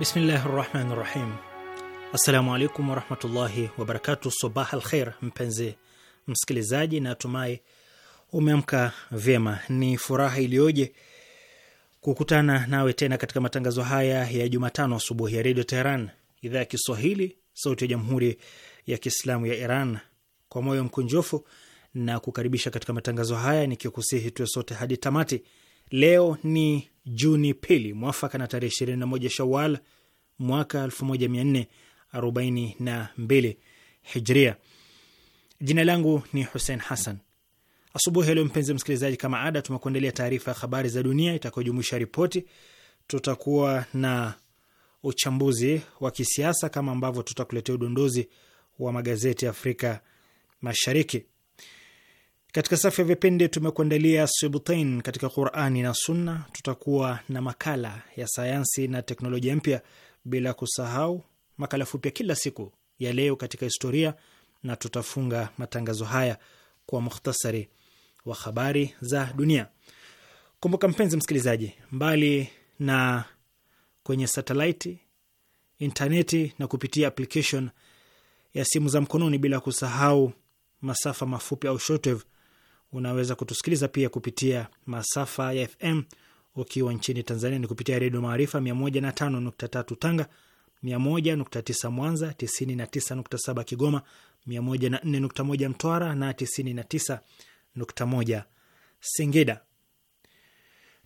Bismillahi rahmani rahim. Assalamu alaikum warahmatullahi wabarakatu. Sabah al mpenzi msikilizaji, natumai umeamka vyema. Ni furaha iliyoje kukutana nawe tena katika matangazo haya ya Jumatano asubuhi ya Redio Teheran, idhaa ya Kiswahili, sauti ya Jamhuri ya Kiislamu ya Iran. Kwa moyo mkunjofu na kukaribisha katika matangazo haya, nikikusihi tuwe sote hadi tamati Leo ni Juni pili mwafaka na tarehe moja Shawal mwaka arobaini na mbili Hijria. Jina langu ni Hussein Hassan. Asubuhi leo, mpenzi msikilizaji, kama ada, tumekuandalia taarifa ya habari za dunia itakayojumuisha ripoti. Tutakuwa na uchambuzi wa kisiasa kama ambavyo tutakuletea udondozi wa magazeti ya Afrika Mashariki. Katika safu ya vipindi tumekuandalia Sibtain katika Qurani na Sunna. Tutakuwa na makala ya sayansi na teknolojia mpya, bila kusahau makala fupi ya kila siku ya Leo katika Historia, na tutafunga matangazo haya kwa mukhtasari wa habari za dunia. Kumbuka mpenzi msikilizaji, mbali na kwenye satelaiti, intaneti na kupitia application ya simu za mkononi, bila kusahau masafa mafupi au shortwave Unaweza kutusikiliza pia kupitia masafa ya FM ukiwa nchini Tanzania ni kupitia Redio Maarifa 105.3 Tanga, 101.9 Mwanza, 99.7 Kigoma, 104.1 Mtwara na 99.1 Singida.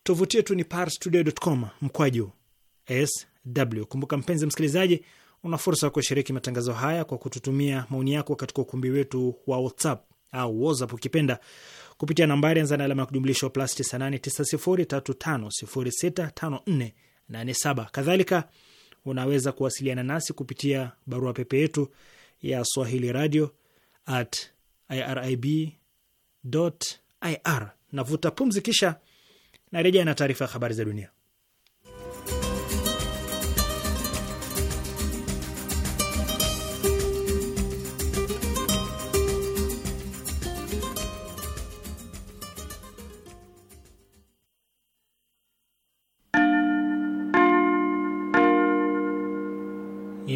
Tovuti yetu ni parstoday.com mkwaju sw. Kumbuka mpenzi msikilizaji, una fursa ya kushiriki matangazo haya kwa kututumia maoni yako katika ukumbi wetu wa WhatsApp au WhatsApp ukipenda kupitia nambari anza na alama ya kujumlisha plus 989035065487. Kadhalika unaweza kuwasiliana nasi kupitia barua pepe yetu ya swahili radio at irib.ir. Navuta pumzi kisha narejea na taarifa ya habari za dunia.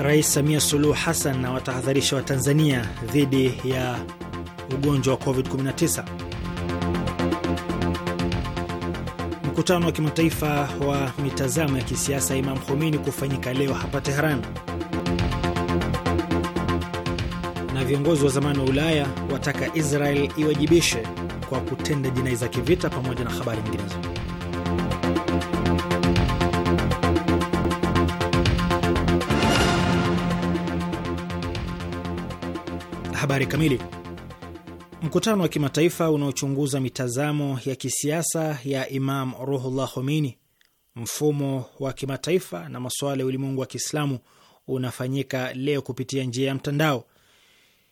Rais Samia Suluhu Hassan na watahadharisha Watanzania dhidi ya ugonjwa wa COVID-19. Mkutano wa kimataifa wa mitazamo ya kisiasa Imam Khomeini kufanyika leo hapa teheran Na viongozi wa zamani wa Ulaya wataka Israel iwajibishe kwa kutenda jinai za kivita pamoja na habari nyinginezo. Habari kamili. Mkutano wa kimataifa unaochunguza mitazamo ya kisiasa ya Imam Ruhullah Khomeini, mfumo wa kimataifa na masuala ya ulimwengu wa Kiislamu unafanyika leo kupitia njia ya mtandao.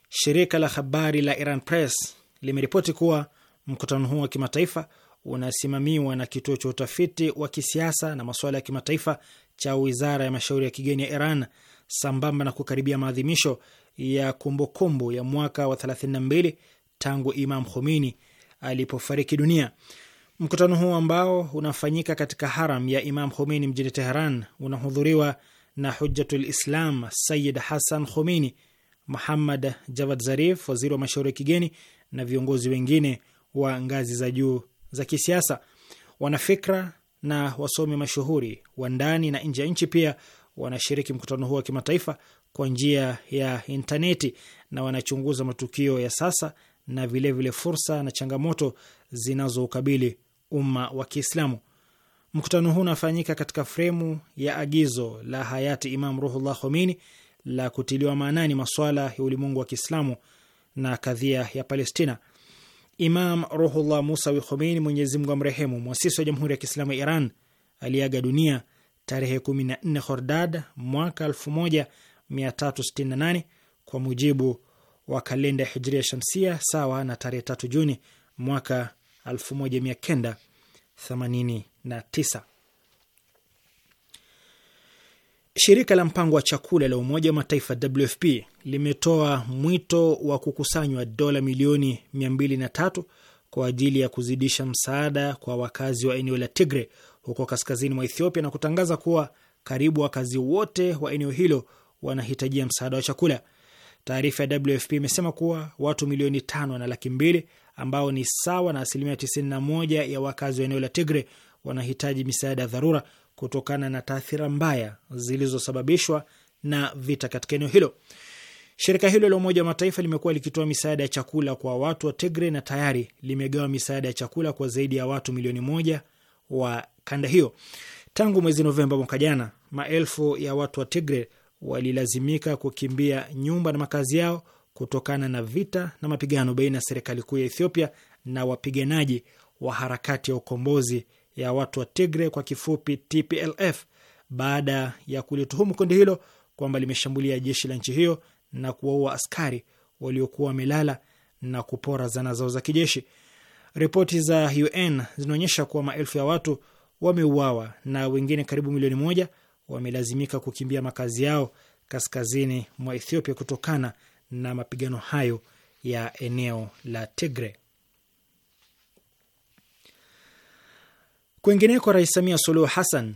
Shirika la habari la Iran Press limeripoti kuwa mkutano huu wa kimataifa unasimamiwa na kituo cha utafiti wa kisiasa na masuala ya kimataifa cha wizara ya mashauri ya kigeni ya Iran sambamba na kukaribia maadhimisho ya kumbukumbu -kumbu ya mwaka wa 32 tangu Imam Khomeini alipofariki dunia. Mkutano huu ambao unafanyika katika haram ya Imam Khomeini mjini Teheran unahudhuriwa na Hujjatul Islam Sayyid Hassan Khomeini, Muhammad Javad Zarif, waziri wa mashauri ya kigeni, na viongozi wengine wa ngazi za juu za kisiasa. Wanafikra na wasomi mashuhuri wa ndani na nje ya nchi pia wanashiriki mkutano huu wa kimataifa kwa njia ya intaneti na wanachunguza matukio ya sasa na vilevile vile fursa na changamoto zinazoukabili umma wa Kiislamu. Mkutano huu unafanyika katika fremu ya agizo la hayati Imam Ruhullah Khomeini la kutiliwa maanani maswala ya ulimwengu wa Kiislamu na kadhia ya Palestina. Imam Ruhullah Musawi Khomeini, Mwenyezi Mungu amrehemu, mwasisi wa Jamhuri ya Kiislamu ya Iran, aliaga dunia tarehe 14 Hordad mwaka 368 kwa mujibu wa kalenda ya hijria shamsia, sawa na tarehe 3 Juni mwaka 1989. Shirika la mpango wa chakula la Umoja wa Mataifa WFP limetoa mwito wa kukusanywa dola milioni 203 kwa ajili ya kuzidisha msaada kwa wakazi wa eneo la Tigre huko kaskazini mwa Ethiopia na kutangaza kuwa karibu wakazi wote wa eneo hilo wanahitajia msaada wa chakula. Taarifa ya WFP imesema kuwa watu milioni tano na laki mbili ambao ni sawa na asilimia tisini na moja ya wakazi wa eneo la Tigre wanahitaji misaada ya dharura kutokana na taathira mbaya zilizosababishwa na vita katika eneo hilo. Shirika hilo la Umoja wa Mataifa limekuwa likitoa misaada ya chakula kwa watu wa Tigre na tayari limegawa misaada ya chakula kwa zaidi ya watu milioni moja wa kanda hiyo tangu mwezi Novemba mwaka jana. Maelfu ya watu wa Tigre walilazimika kukimbia nyumba na makazi yao kutokana na vita na mapigano baina ya serikali kuu ya Ethiopia na wapiganaji wa harakati ya ukombozi ya watu wa Tigre kwa kifupi TPLF baada ya kulituhumu kundi hilo kwamba limeshambulia jeshi la nchi hiyo na kuwaua askari waliokuwa wamelala na kupora zana zao za kijeshi. Ripoti za UN zinaonyesha kuwa maelfu ya watu wameuawa na wengine karibu milioni moja wamelazimika kukimbia makazi yao kaskazini mwa Ethiopia kutokana na mapigano hayo ya eneo la Tigre. Kwingineko, Rais Samia Suluhu Hassan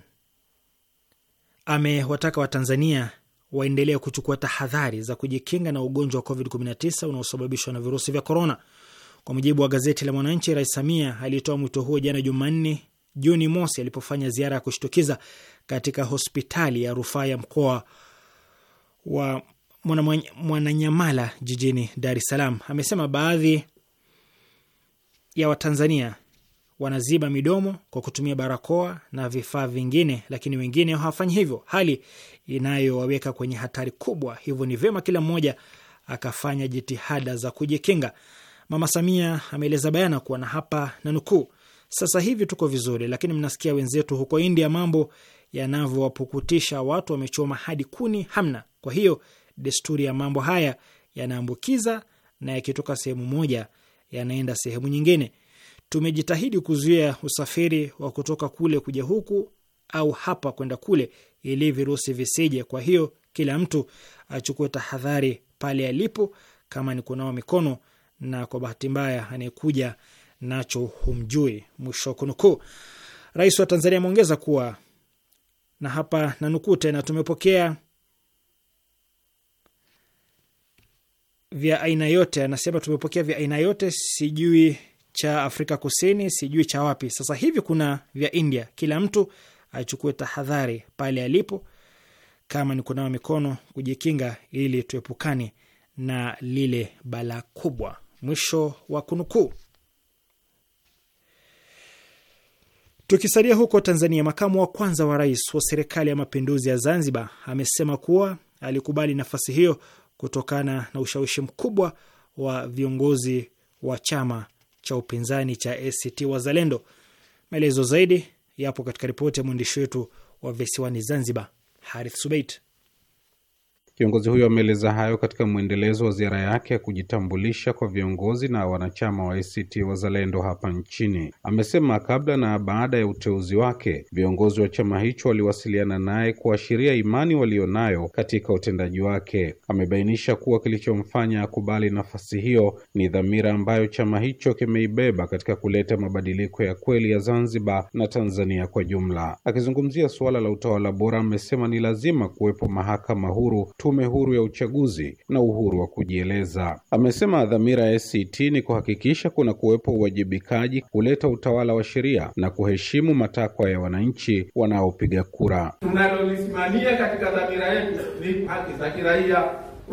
amewataka Watanzania waendelee kuchukua tahadhari za kujikinga na ugonjwa wa COVID-19 unaosababishwa na virusi vya korona. Kwa mujibu wa gazeti la Mwananchi, Rais Samia alitoa mwito huo jana Jumanne Juni mosi alipofanya ziara ya kushtukiza katika hospitali ya rufaa ya mkoa wa Mwananyamala jijini Dar es Salaam. Amesema baadhi ya Watanzania wanaziba midomo kwa kutumia barakoa na vifaa vingine, lakini wengine hawafanyi hivyo, hali inayowaweka kwenye hatari kubwa. Hivyo ni vyema kila mmoja akafanya jitihada za kujikinga. Mama Samia ameeleza bayana kuwa na hapa na nukuu sasa hivi tuko vizuri, lakini mnasikia wenzetu huko India mambo yanavyowapukutisha, watu wamechoma hadi kuni hamna. Kwa hiyo desturi ya mambo haya yanaambukiza, na yakitoka sehemu moja yanaenda sehemu nyingine. Tumejitahidi kuzuia usafiri wa kutoka kule kuja huku au hapa kwenda kule, ili virusi visije. Kwa hiyo kila mtu achukue tahadhari pale alipo, kama ni kunawa mikono, na kwa bahati mbaya anayekuja nacho humjui, mwisho wa kunukuu. Rais wa Tanzania ameongeza kuwa na hapa nanukuu tena, tumepokea vya aina yote. Anasema tumepokea vya aina yote, sijui cha Afrika Kusini, sijui cha wapi. Sasa hivi kuna vya India. Kila mtu achukue tahadhari pale alipo, kama ni kunawa mikono, kujikinga, ili tuepukane na lile balaa kubwa. Mwisho wa kunukuu. Tukisalia huko Tanzania, makamu wa kwanza wa rais wa serikali ya mapinduzi ya Zanzibar amesema kuwa alikubali nafasi hiyo kutokana na ushawishi mkubwa wa viongozi wa chama cha upinzani cha ACT Wazalendo. Maelezo zaidi yapo katika ripoti ya mwandishi wetu wa visiwani Zanzibar, Harith subeit Kiongozi huyo ameeleza hayo katika mwendelezo wa ziara yake ya kujitambulisha kwa viongozi na wanachama wa ACT Wazalendo hapa nchini. Amesema kabla na baada ya uteuzi wake, viongozi wa chama hicho waliwasiliana naye kuashiria imani walionayo katika utendaji wake. Amebainisha kuwa kilichomfanya akubali nafasi hiyo ni dhamira ambayo chama hicho kimeibeba katika kuleta mabadiliko ya kweli ya Zanzibar na Tanzania kwa jumla. Akizungumzia suala la utawala bora, amesema ni lazima kuwepo mahakama huru tu tume huru ya uchaguzi na uhuru wa kujieleza. Amesema dhamira ya ACT ni kuhakikisha kuna kuwepo uwajibikaji, kuleta utawala wa sheria na kuheshimu matakwa ya wananchi wanaopiga kura. Tunalolisimamia katika dhamira yetu ni haki za kiraia,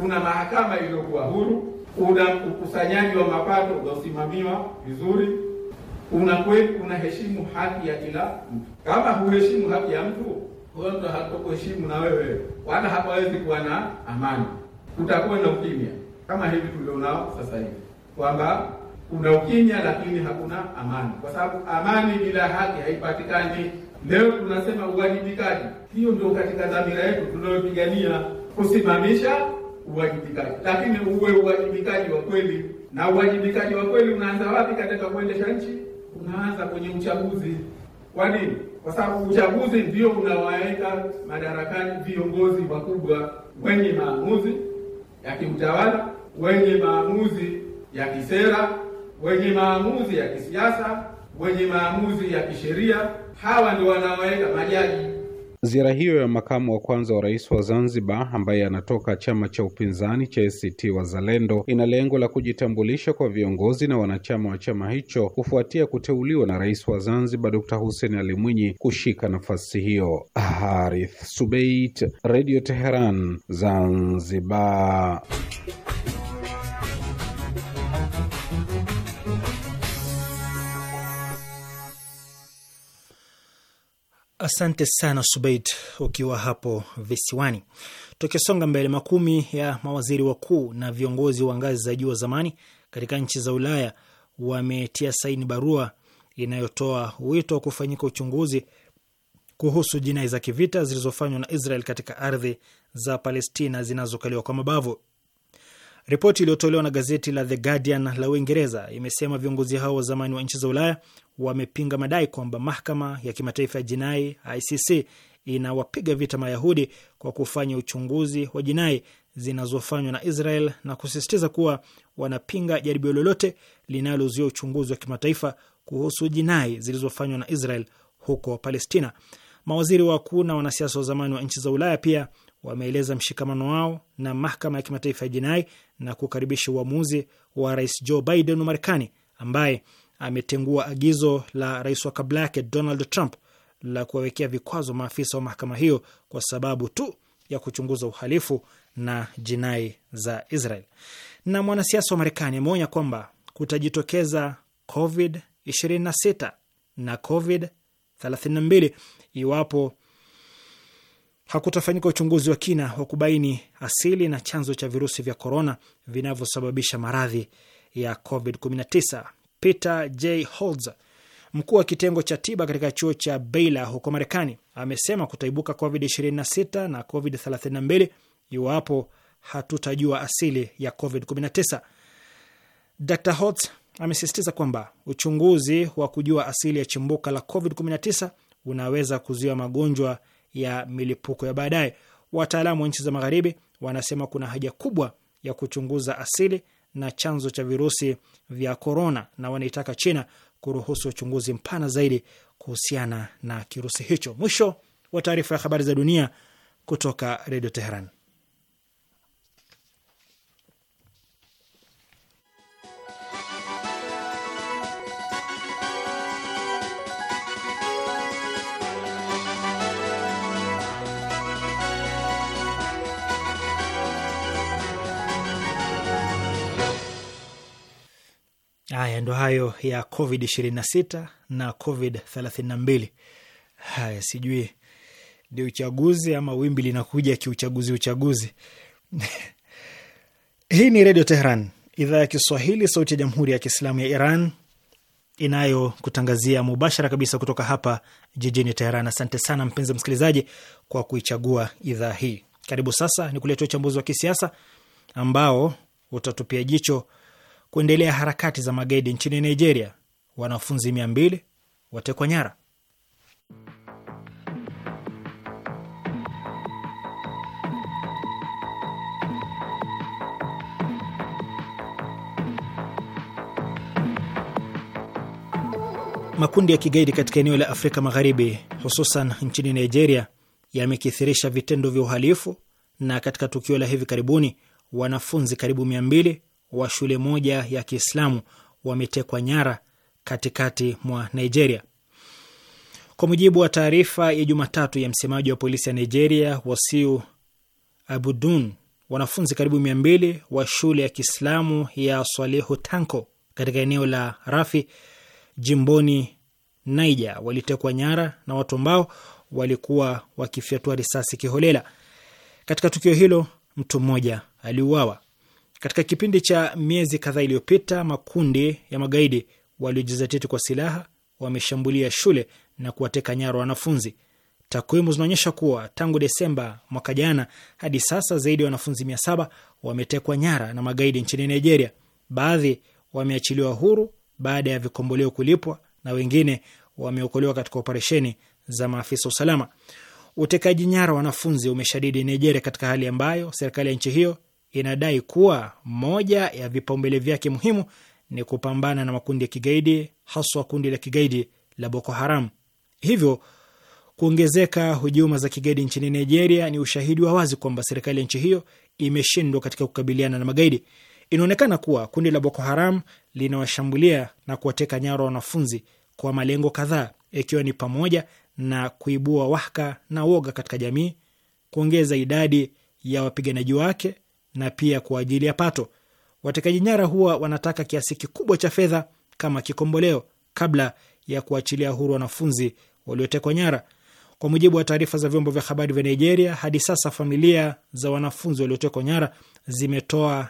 kuna mahakama iliyokuwa huru kuna ukusanyaji wa mapato unaosimamiwa vizuri, una kweli unaheshimu haki ya kila mtu. Kama huheshimu haki ya mtu, huyo mtu hatakuheshimu na wewe, wala hapawezi kuwa na amani. Kutakuwa na ukimya kama hivi tulionao sasa hivi, kwamba kuna ukimya lakini hakuna amani, kwa sababu amani bila haki haipatikani. Leo tunasema uwajibikaji, hiyo ndio katika dhamira yetu tunayopigania kusimamisha uwajibikaji, lakini uwe uwajibikaji wa kweli. Na uwajibikaji wa kweli unaanza wapi katika kuendesha nchi? Unaanza kwenye uchaguzi. Kwa nini? kwa sababu uchaguzi ndio unawaeka madarakani viongozi wakubwa wenye maamuzi ya kiutawala, wenye maamuzi ya kisera, wenye maamuzi ya kisiasa, wenye maamuzi ya kisheria. Hawa ndio wanaoweka majaji Ziara hiyo ya makamu wa kwanza wa rais wa Zanzibar ambaye anatoka chama cha upinzani cha ACT Wazalendo ina lengo la kujitambulisha kwa viongozi na wanachama wa chama hicho kufuatia kuteuliwa na rais wa Zanzibar Dr. Hussein Ali Mwinyi kushika nafasi hiyo. Harith Subeit, Radio Teheran, Zanzibar. Asante sana subeit ukiwa hapo visiwani. Tukisonga mbele, makumi ya mawaziri wakuu na viongozi wa ngazi za juu wa zamani katika nchi za Ulaya wametia saini barua inayotoa wito wa kufanyika uchunguzi kuhusu jinai za kivita zilizofanywa na Israel katika ardhi za Palestina zinazokaliwa kwa mabavu. Ripoti iliyotolewa na gazeti la The Guardian la Uingereza imesema viongozi hao wa zamani wa nchi za Ulaya wamepinga madai kwamba mahakama ya kimataifa ya jinai ICC inawapiga vita Mayahudi kwa kufanya uchunguzi wa jinai zinazofanywa na Israel na kusisitiza kuwa wanapinga jaribio lolote linalozuia uchunguzi wa kimataifa kuhusu jinai zilizofanywa na Israel huko Palestina. Mawaziri wakuu na wanasiasa wa zamani wa nchi za Ulaya pia wameeleza mshikamano wao na mahakama ya kimataifa ya jinai na kukaribisha uamuzi wa rais Joe Biden wa Marekani ambaye ametengua agizo la rais wa kabla yake Donald Trump la kuwawekea vikwazo maafisa wa mahakama hiyo kwa sababu tu ya kuchunguza uhalifu na jinai za Israel. Na mwanasiasa wa Marekani ameonya kwamba kutajitokeza COVID 26 na COVID 32 iwapo hakutafanyika uchunguzi wa kina wa kubaini asili na chanzo cha virusi vya korona vinavyosababisha maradhi ya COVID-19. Peter J Holds, mkuu wa kitengo cha tiba katika chuo cha Baylor huko Marekani, amesema kutaibuka COVID-26 na COVID-32 iwapo hatutajua asili ya COVID-19. Dr Holds amesisitiza kwamba uchunguzi wa kujua asili ya chimbuka la COVID-19 unaweza kuzuia magonjwa ya milipuko ya baadaye. Wataalamu wa nchi za Magharibi wanasema kuna haja kubwa ya kuchunguza asili na chanzo cha virusi vya korona, na wanaitaka China kuruhusu uchunguzi mpana zaidi kuhusiana na kirusi hicho. Mwisho wa taarifa ya habari za dunia kutoka Redio Teheran. Haya, ndo hayo ya Covid 26 na Covid 32. Haya, sijui ndio uchaguzi ama wimbi linakuja kiuchaguzi uchaguzi. Hii ni Redio Tehran, idhaa ya Kiswahili, sauti ya Jamhuri ya Kiislamu ya Iran inayokutangazia mubashara kabisa kutoka hapa jijini Teheran. Asante sana mpenzi msikilizaji kwa kuichagua idhaa hii. Karibu sasa ni kuletea uchambuzi wa kisiasa ambao utatupia jicho kuendelea harakati za magaidi nchini Nigeria. Wanafunzi mia mbili watekwa nyara. Makundi ya kigaidi katika eneo la Afrika Magharibi, hususan nchini Nigeria, yamekithirisha vitendo vya uhalifu, na katika tukio la hivi karibuni wanafunzi karibu mia mbili wa shule moja ya Kiislamu wametekwa nyara katikati mwa Nigeria. Kwa mujibu wa taarifa ya Jumatatu ya msemaji wa polisi ya Nigeria, Wasiu Abudun, wanafunzi karibu mia mbili wa shule ya Kiislamu ya Swalihu Tanko katika eneo la Rafi jimboni Naija walitekwa nyara na watu ambao walikuwa wakifyatua risasi kiholela. Katika tukio hilo, mtu mmoja aliuawa. Katika kipindi cha miezi kadhaa iliyopita, makundi ya magaidi waliojizatiti kwa silaha wameshambulia shule na kuwateka nyara wanafunzi. Takwimu zinaonyesha kuwa tangu Desemba mwaka jana hadi sasa zaidi ya wanafunzi mia saba wametekwa nyara na magaidi nchini Nigeria. Baadhi wameachiliwa huru baada ya vikomboleo kulipwa na wengine wameokolewa katika operesheni za maafisa usalama. Utekaji nyara wanafunzi umeshadidi Nigeria, katika hali ambayo serikali ya nchi hiyo inadai kuwa moja ya vipaumbele vyake muhimu ni kupambana na makundi ya kigaidi haswa kundi la kigaidi la Boko Haram. Hivyo kuongezeka hujuma za kigaidi nchini Nigeria ni ushahidi wa wazi kwamba serikali ya nchi hiyo imeshindwa katika kukabiliana na magaidi. Inaonekana kuwa kundi la Boko Haram linawashambulia na kuwateka nyara wanafunzi kwa malengo kadhaa, ikiwa ni pamoja na kuibua wahaka na woga katika jamii, kuongeza idadi ya wapiganaji wake na pia kwa ajili ya pato. Watekaji nyara huwa wanataka kiasi kikubwa cha fedha kama kikomboleo kabla ya kuachilia huru wanafunzi waliotekwa nyara. Kwa mujibu wa taarifa za vyombo vya habari vya Nigeria, hadi sasa familia za wanafunzi waliotekwa nyara zimetoa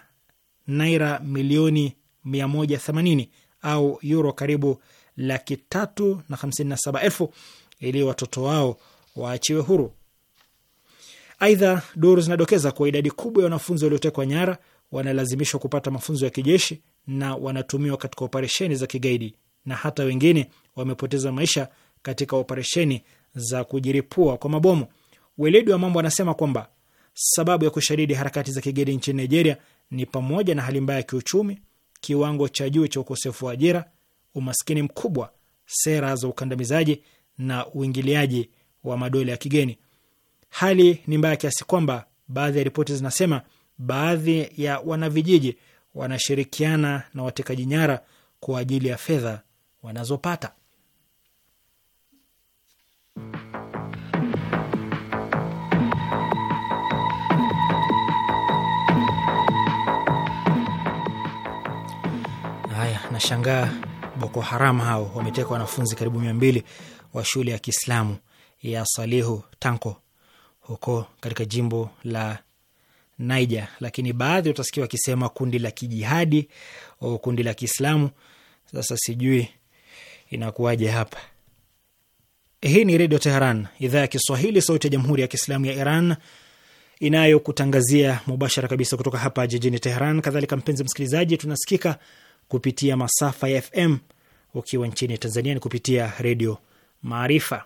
naira milioni 180 au euro karibu laki tatu na hamsini na saba elfu ili watoto wao waachiwe huru. Aidha, duru zinadokeza kuwa idadi kubwa ya wanafunzi waliotekwa nyara wanalazimishwa kupata mafunzo ya kijeshi na wanatumiwa katika operesheni za kigaidi, na hata wengine wamepoteza maisha katika operesheni za kujiripua kwa mabomu. Weledi wa mambo anasema kwamba sababu ya kushadidi harakati za kigaidi nchini Nigeria ni pamoja na hali mbaya ya kiuchumi, kiwango cha juu cha ukosefu wa ajira, umaskini mkubwa, sera za ukandamizaji na uingiliaji wa madola ya kigeni. Hali ni mbaya kiasi kwamba baadhi ya ripoti zinasema baadhi ya wanavijiji wanashirikiana na watekaji nyara kwa ajili ya fedha wanazopata. Haya, nashangaa Boko Haram hao wameteka wanafunzi karibu mia mbili wa shule ya Kiislamu ya Salihu Tanko huko katika jimbo la Niger, lakini baadhi utasikia wakisema kundi la kijihadi au kundi la Kiislamu. Sasa sijui inakuwaje hapa. Hii ni Redio Teheran, idhaa ya Kiswahili, sauti ya Jamhuri ya Kiislamu ya Iran inayokutangazia mubashara kabisa kutoka hapa jijini Teheran. Kadhalika mpenzi msikilizaji, tunasikika kupitia masafa ya FM. Ukiwa nchini Tanzania ni kupitia Redio Maarifa.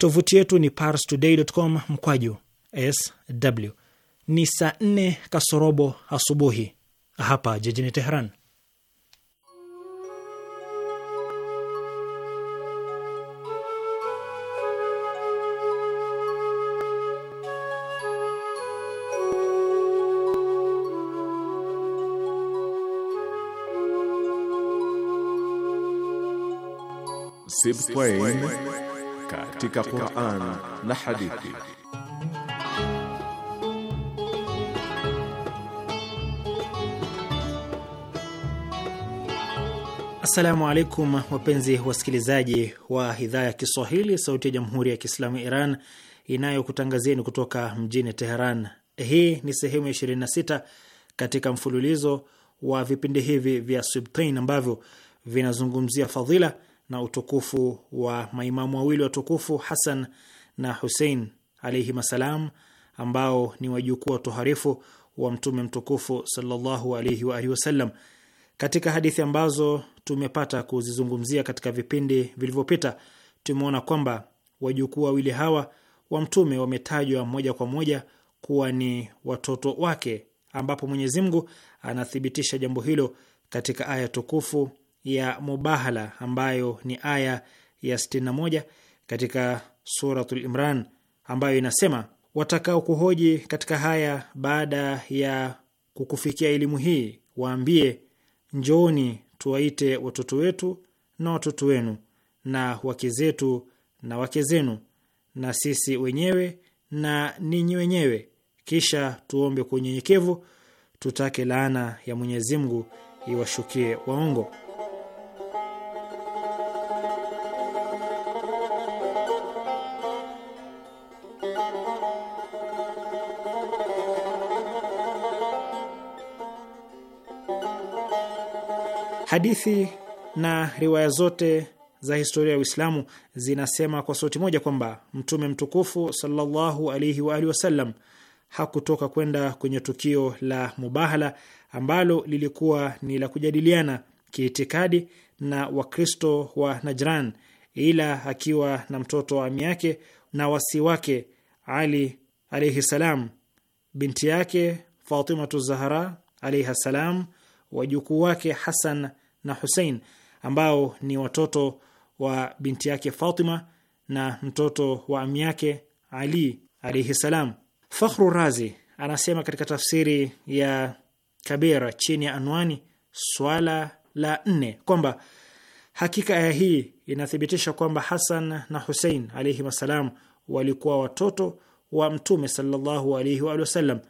Tovuti yetu ni parstoday.com mkwaju sw. Ni saa nne kasorobo asubuhi hapa jijini teheran Sibtain katika Qur'an na hadithi. Assalamu alaikum wapenzi wasikilizaji wa idhaa ya Kiswahili sauti ya Jamhuri ya Kiislamu ya Iran inayokutangazieni kutoka mjini Teheran. Hii ni sehemu ya 26 katika mfululizo wa vipindi hivi vya Sibtain ambavyo vinazungumzia fadhila na utukufu wa maimamu wawili watukufu Hasan na Husein alaihim assalam, ambao ni wajukuu watoharifu wa Mtume mtukufu sallallahu alaihi wa alihi wasallam. Katika hadithi ambazo tumepata kuzizungumzia katika vipindi vilivyopita, tumeona kwamba wajukuu wawili hawa wa Mtume wametajwa moja kwa moja kuwa ni watoto wake, ambapo Mwenyezi Mungu anathibitisha jambo hilo katika aya tukufu ya mubahala ambayo ni aya ya 61 katika Suratul Imran ambayo inasema, watakao kuhoji katika haya baada ya kukufikia elimu hii, waambie njooni tuwaite watoto wetu na watoto wenu na wake zetu na wake zenu na sisi wenyewe na ninyi wenyewe, kisha tuombe kwa unyenyekevu, tutake laana ya Mwenyezi Mungu iwashukie waongo. Hadithi na riwaya zote za historia ya Uislamu zinasema kwa sauti moja kwamba Mtume mtukufu sallallahu alaihi wa alihi wasallam hakutoka kwenda kwenye tukio la Mubahala ambalo lilikuwa ni la kujadiliana kiitikadi na Wakristo wa Najran ila akiwa na mtoto wa ami yake na wasi wake Ali alaihi salam, binti yake Fatimatu Zahra alaihi salam, wajukuu wake Hasan na Husein ambao ni watoto wa binti yake Fatima na mtoto wa ami yake Ali alaihi salam. Fakhru Razi anasema katika tafsiri ya Kabira chini ya anwani swala la nne kwamba hakika aya hii inathibitisha kwamba Hasan na Husein alaihim assalam walikuwa watoto wa Mtume sallallahu alaihi wa sallam.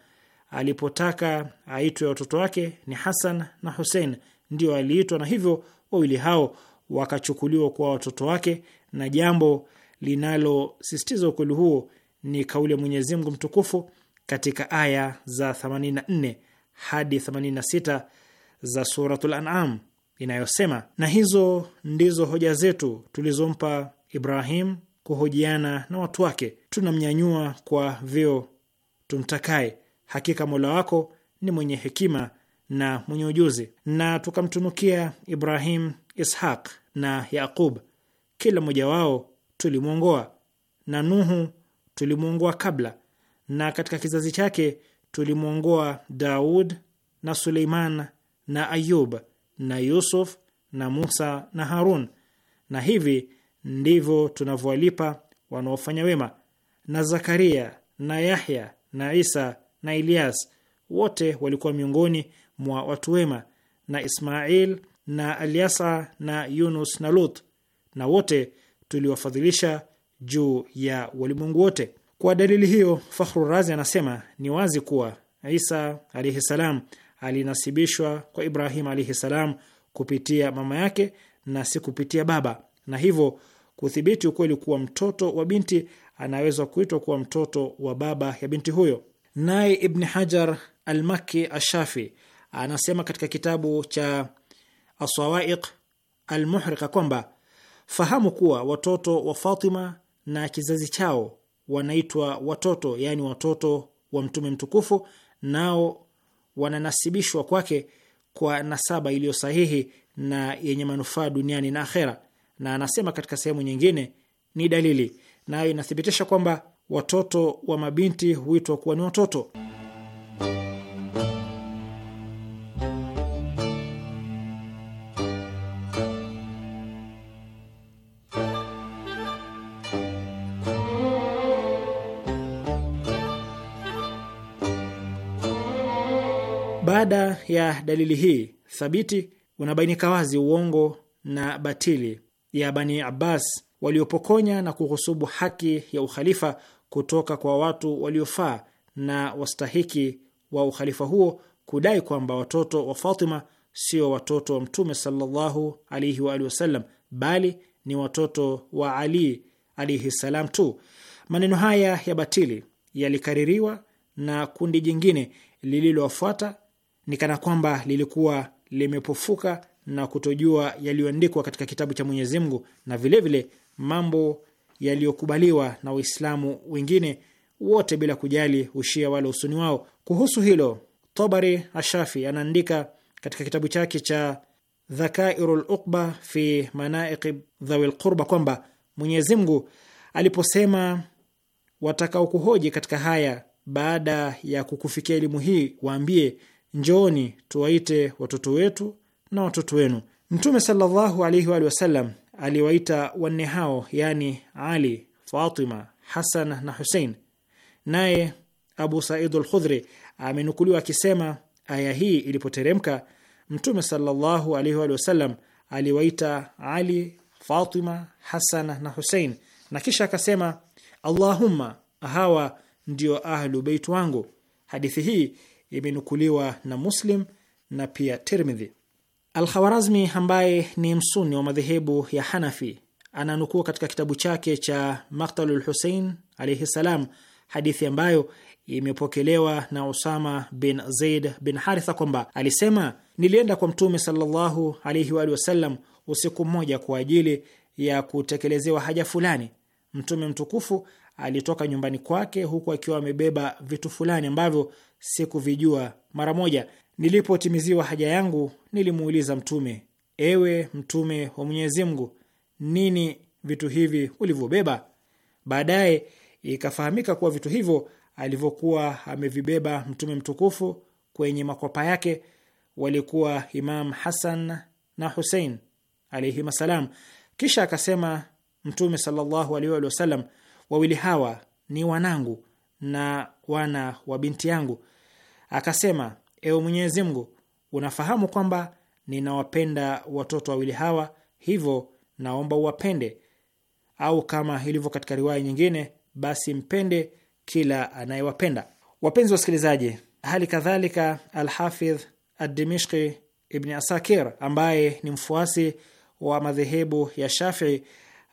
Alipotaka aitwe watoto wake ni Hasan na Husein ndio aliitwa, na hivyo wawili hao wakachukuliwa kuwa watoto wake, na jambo linalosisitiza ukweli huo ni kauli ya Mwenyezi Mungu mtukufu katika aya za 84 hadi 86 za Suratul An'am inayosema, na hizo ndizo hoja zetu tulizompa Ibrahim kuhojiana na watu wake, tunamnyanyua kwa vyo tumtakaye, hakika Mola wako ni mwenye hekima na mwenye ujuzi, na tukamtunukia Ibrahim, Ishaq na Yaqub, kila mmoja wao tulimwongoa, na Nuhu tulimwongoa kabla, na katika kizazi chake tulimwongoa Daud na Suleiman na Ayub na Yusuf na Musa na Harun. Na hivi ndivyo tunavyowalipa wanaofanya wema, na Zakaria na Yahya na Isa na Elias, wote walikuwa miongoni mwa watu wema na Ismail na Alyasa na Yunus na Lut, na wote tuliwafadhilisha juu ya walimwengu wote. Kwa dalili hiyo, Fakhru Razi anasema ni wazi kuwa Isa alaihi salam alinasibishwa kwa Ibrahim alaihi salam kupitia mama yake na si kupitia baba, na hivyo kuthibiti ukweli kuwa mtoto wa binti anaweza kuitwa kuwa mtoto wa baba ya binti huyo. Naye Ibni Hajar makki Ashafi anasema katika kitabu cha Asawaiq Almuhriqa kwamba fahamu kuwa watoto wa Fatima na kizazi chao wanaitwa watoto, yaani watoto wa Mtume mtukufu, nao wananasibishwa kwake kwa nasaba iliyo sahihi na yenye manufaa duniani na akhera. Na anasema katika sehemu nyingine, ni dalili nayo inathibitisha kwamba watoto wa mabinti huitwa kuwa ni watoto. ya dalili hii thabiti unabainika wazi uongo na batili ya Bani Abbas waliopokonya na kuhusubu haki ya ukhalifa kutoka kwa watu waliofaa na wastahiki wa ukhalifa huo kudai kwamba watoto wa Fatima sio watoto wa Mtume sallallahu alaihi wa alihi wasallam bali ni watoto wa Ali alaihi salam tu. Maneno haya ya batili yalikaririwa na kundi jingine lililowafuata ni kana kwamba lilikuwa limepofuka na kutojua yaliyoandikwa katika kitabu cha Mwenyezi Mungu na vilevile vile mambo yaliyokubaliwa na Waislamu wengine wote bila kujali ushia wala usuni wao. Kuhusu hilo, Tabari Ashafi anaandika katika kitabu chake cha Dhakairu Uqba fi Manaiqib Dhawi Lqurba kwamba Mwenyezi Mungu aliposema, watakaokuhoji katika haya baada ya kukufikia elimu hii, waambie njooni tuwaite watoto wetu na watoto wenu. Mtume sallallahu alaihi waalihi wasallam aliwaita wanne hao, yaani Ali, Fatima, Hasan na Husein. Naye Abu Said lkhudhri amenukuliwa akisema aya hii ilipoteremka, Mtume sallallahu alaihi waalihi wasallam aliwaita Ali, Fatima, Hasan na Husein, na kisha akasema, Allahumma, hawa ndio ahlu beit wangu. Hadithi hii imenukuliwa na Muslim na pia Tirmidhi. Alkhawarazmi ambaye ni msuni wa madhehebu ya Hanafi ananukuu katika kitabu chake cha Maktalul Husein alaihi ssalam hadithi ambayo imepokelewa na Usama bin Zaid bin Haritha kwamba alisema, nilienda kwa Mtume sallallahu alaihi waalihi wasallam usiku mmoja kwa ajili ya kutekelezewa haja fulani. Mtume mtukufu alitoka nyumbani kwake huku akiwa amebeba vitu fulani ambavyo sikuvijua mara moja. Nilipotimiziwa haja yangu, nilimuuliza Mtume, ewe Mtume wa Mwenyezi Mungu, nini vitu hivi ulivyobeba? Baadaye ikafahamika kuwa vitu hivyo alivyokuwa amevibeba Mtume mtukufu kwenye makwapa yake walikuwa Imam Hasan na Husein alaihim assalam. Kisha akasema Mtume sallallahu alaihi wawili hawa ni wanangu na wana wa binti yangu Akasema, ewe Mwenyezi Mungu, unafahamu kwamba ninawapenda watoto wawili hawa, hivyo naomba uwapende, au kama ilivyo katika riwaya nyingine, basi mpende kila anayewapenda. Wapenzi wasikilizaji, hali kadhalika Alhafidh Adimishki Ibni Asakir ambaye ni mfuasi wa madhehebu ya Shafii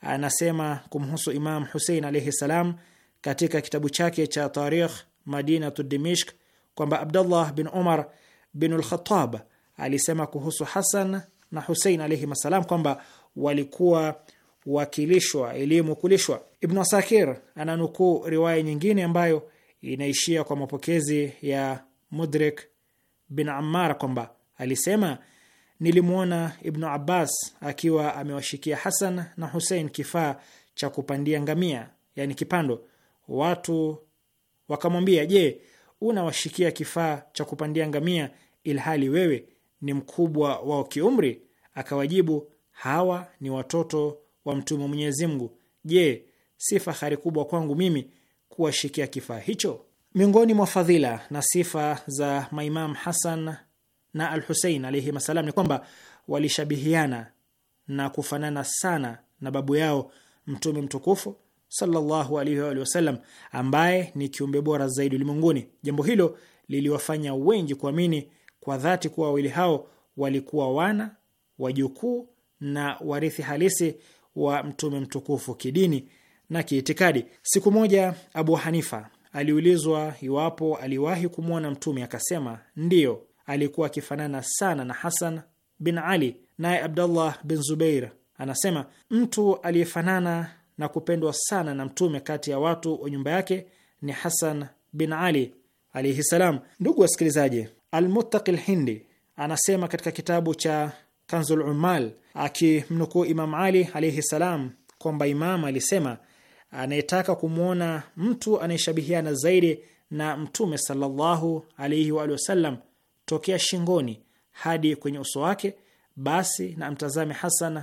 anasema kumhusu Imam Husein alaihi ssalam katika kitabu chake cha Tarikh Madinatu Dimishk kwamba Abdullah bin Umar bin al alisema kuhusu Hasan na Husein alaihim assalam kwamba walikuwa wakilishwa elimu kulishwa. Ibnu Asakir ananukuu riwaya nyingine ambayo inaishia kwa mapokezi ya Mudrik bin Ammar kwamba alisema nilimwona Ibnu Abbas akiwa amewashikia Hasan na Husein kifaa cha kupandia ngamia, yani kipando. Watu wakamwambia, je, unawashikia kifaa cha kupandia ngamia ilhali wewe ni mkubwa wao kiumri? Akawajibu, hawa ni watoto wa mtume wa Mwenyezi Mungu. Je, si fahari kubwa kwangu mimi kuwashikia kifaa hicho? Miongoni mwa fadhila na sifa za maimam Hasan na al Husein alaihim assalam ni kwamba walishabihiana na kufanana sana na babu yao mtume mtukufu sallallahu alaihi wa sallam, ambaye ni kiumbe bora zaidi ulimwenguni. Jambo hilo liliwafanya wengi kuamini kwa dhati kuwa wawili hao walikuwa wana wajukuu na warithi halisi wa mtume mtukufu kidini na kiitikadi. Siku moja Abu Hanifa aliulizwa iwapo aliwahi kumwona mtume, akasema ndiyo, alikuwa akifanana sana na Hasan bin Ali. Naye Abdullah bin Zubeir anasema mtu aliyefanana na kupendwa sana na Mtume kati ya watu wa nyumba yake ni Hasan bin Ali alaihi salam. Ndugu wasikilizaji, Almuttaqi Lhindi anasema katika kitabu cha Kanzul Ummal akimnukuu Imam Ali alaihi salam kwamba Imam alisema, anayetaka kumwona mtu anayeshabihiana zaidi na Mtume sallallahu alaihi waalihi wasallam tokea shingoni hadi kwenye uso wake, basi na amtazame Hasan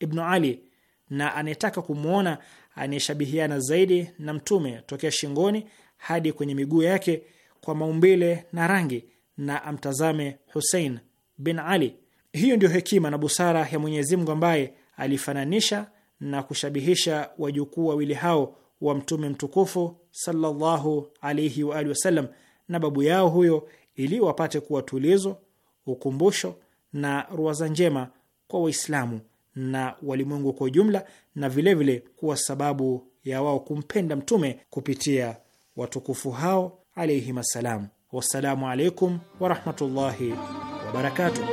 ibnu Ali na anayetaka kumwona anayeshabihiana zaidi na Mtume tokea shingoni hadi kwenye miguu yake kwa maumbile na rangi, na amtazame Husein bin Ali. Hiyo ndio hekima na busara ya Mwenyezi Mungu ambaye alifananisha na kushabihisha wajukuu wawili hao wa Mtume mtukufu sallallahu alaihi wa alihi wasallam na babu yao huyo, ili wapate kuwa tulizo, ukumbusho na ruwaza njema kwa Waislamu na walimwengu kwa ujumla, na vilevile vile kuwa sababu ya wao kumpenda mtume kupitia watukufu hao alaihim assalam. Wassalamu alaikum warahmatullahi wabarakatuh.